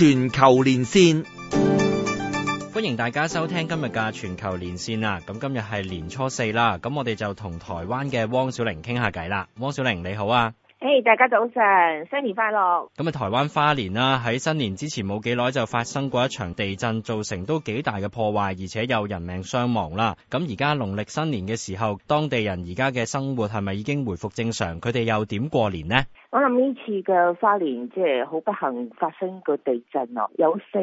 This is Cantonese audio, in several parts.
全球連線，歡迎大家收聽今日嘅全球連線啊！咁今日係年初四啦，咁我哋就同台灣嘅汪小玲傾下偈啦。汪小玲你好啊，誒、hey，大家早上，新年快樂！咁啊，台灣花蓮啦，喺新年之前冇幾耐就發生過一場地震，造成都幾大嘅破壞，而且有人命傷亡啦。咁而家農曆新年嘅時候，當地人而家嘅生活係咪已經回復正常？佢哋又點過年呢？我諗呢次嘅花蓮，即係好不幸發生個地震啊，有四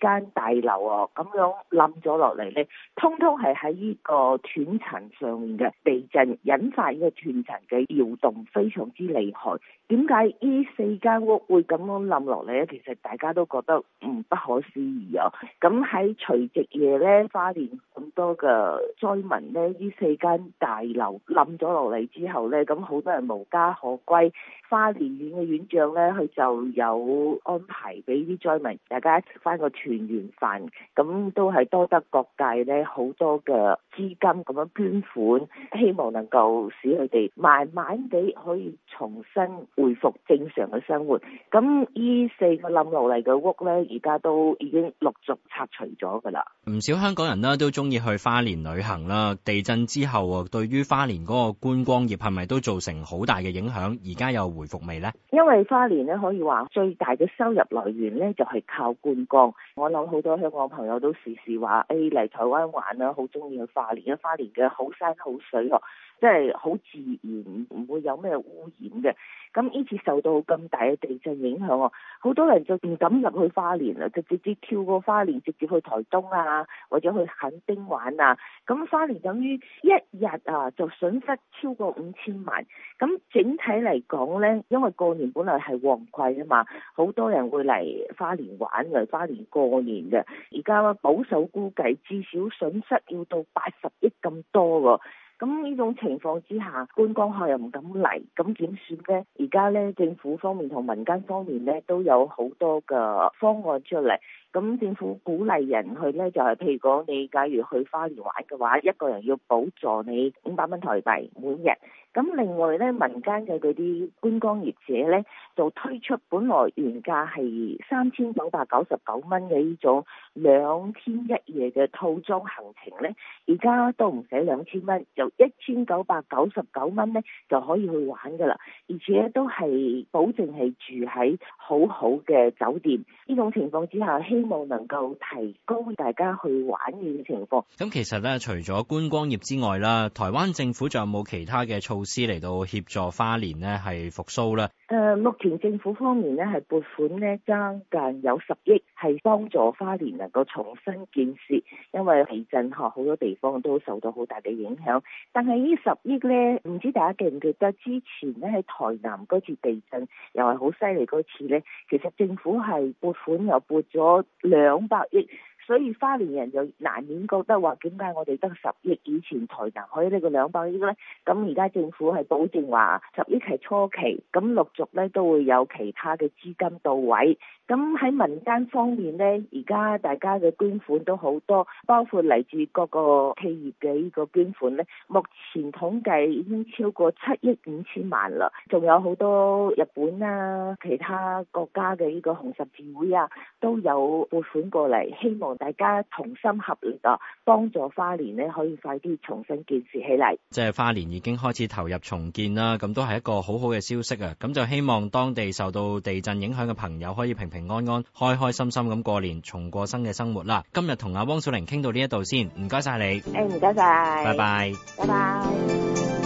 間大樓啊，咁樣冧咗落嚟，呢，通通係喺呢個斷層上面嘅地震引發呢個斷層嘅搖動非常之厲害。點解呢四間屋會咁樣冧落嚟呢？其實大家都覺得唔不可思議啊！咁喺除夕夜呢，花蓮咁多嘅災民呢，呢四間大樓冧咗落嚟之後呢，咁好多人無家可歸。花花蓮縣嘅縣長咧，佢就有安排俾啲災民，大家食翻個團圓飯。咁都係多得各界咧好多嘅資金咁樣捐款，希望能夠使佢哋慢慢地可以重新回復正常嘅生活。咁呢四個冧落嚟嘅屋咧，而家都已經陸續拆除咗噶啦。唔少香港人呢，都中意去花蓮旅行啦。地震之後啊，對於花蓮嗰個觀光業係咪都造成好大嘅影響？而家又回復了。因為花蓮咧可以話最大嘅收入來源咧就係靠觀光，我諗好多香港朋友都時時話誒，嚟台灣玩啦，好中意去花蓮啊！花蓮嘅好山好水喎，即係好自然，唔會有咩污染嘅。咁呢次受到咁大嘅地震影響喎，好多人就唔敢入去花蓮啦，就直接跳過花蓮，直接去台東啊，或者去墾丁玩啊。咁花蓮等於一日啊就損失超過五千萬。咁整體嚟講咧，因為過年本來係旺季啊嘛，好多人會嚟花蓮玩，嚟花蓮過年嘅。而家保守估計，至少損失要到八十億咁多喎。咁呢種情況之下，觀光客又唔敢嚟，咁點算呢？而家呢政府方面同民間方面呢，都有好多嘅方案出嚟。咁政府鼓勵人去呢，就係譬如講，你假如去花蓮玩嘅話，一個人要補助你五百蚊台幣每日。咁另外呢，民間嘅嗰啲觀光業者呢，就推出本來原價係三千九百九十九蚊嘅呢種兩天一夜嘅套裝行程呢，而家都唔使兩千蚊，就一千九百九十九蚊呢，就可以去玩㗎啦。而且都係保證係住喺好好嘅酒店。呢種情況之下，希希望能夠提高大家去玩嘅情況。咁其實咧，除咗觀光業之外啦，台灣政府仲有冇其他嘅措施嚟到協助花蓮呢？係復甦咧？誒、呃，目前政府方面呢，係撥款呢，將近有十億係幫助花蓮能夠重新建設。因為地震嗬，好多地方都受到好大嘅影響。但係呢十億呢，唔知大家記唔記得之前呢喺台南嗰次地震又係好犀利嗰次呢，其實政府係撥款又撥咗。兩百億。所以花蓮人就難免覺得話點解我哋得十億以前才能可以呢個兩百億呢？咁而家政府係保證話十億係初期，咁陸續咧都會有其他嘅資金到位。咁喺民間方面呢，而家大家嘅捐款都好多，包括嚟自各個企業嘅呢個捐款呢，目前統計已經超過七億五千萬啦。仲有好多日本啊，其他國家嘅呢個紅十字會啊，都有撥款過嚟，希望。大家同心合力啊，幫助花蓮呢可以快啲重新建設起嚟。即係花蓮已經開始投入重建啦，咁都係一個好好嘅消息啊！咁就希望當地受到地震影響嘅朋友可以平平安安、開開心心咁過年、重過新嘅生活啦。今日同阿汪小玲傾到呢一度先，唔該晒你。誒、哎，唔該晒，拜拜。拜拜。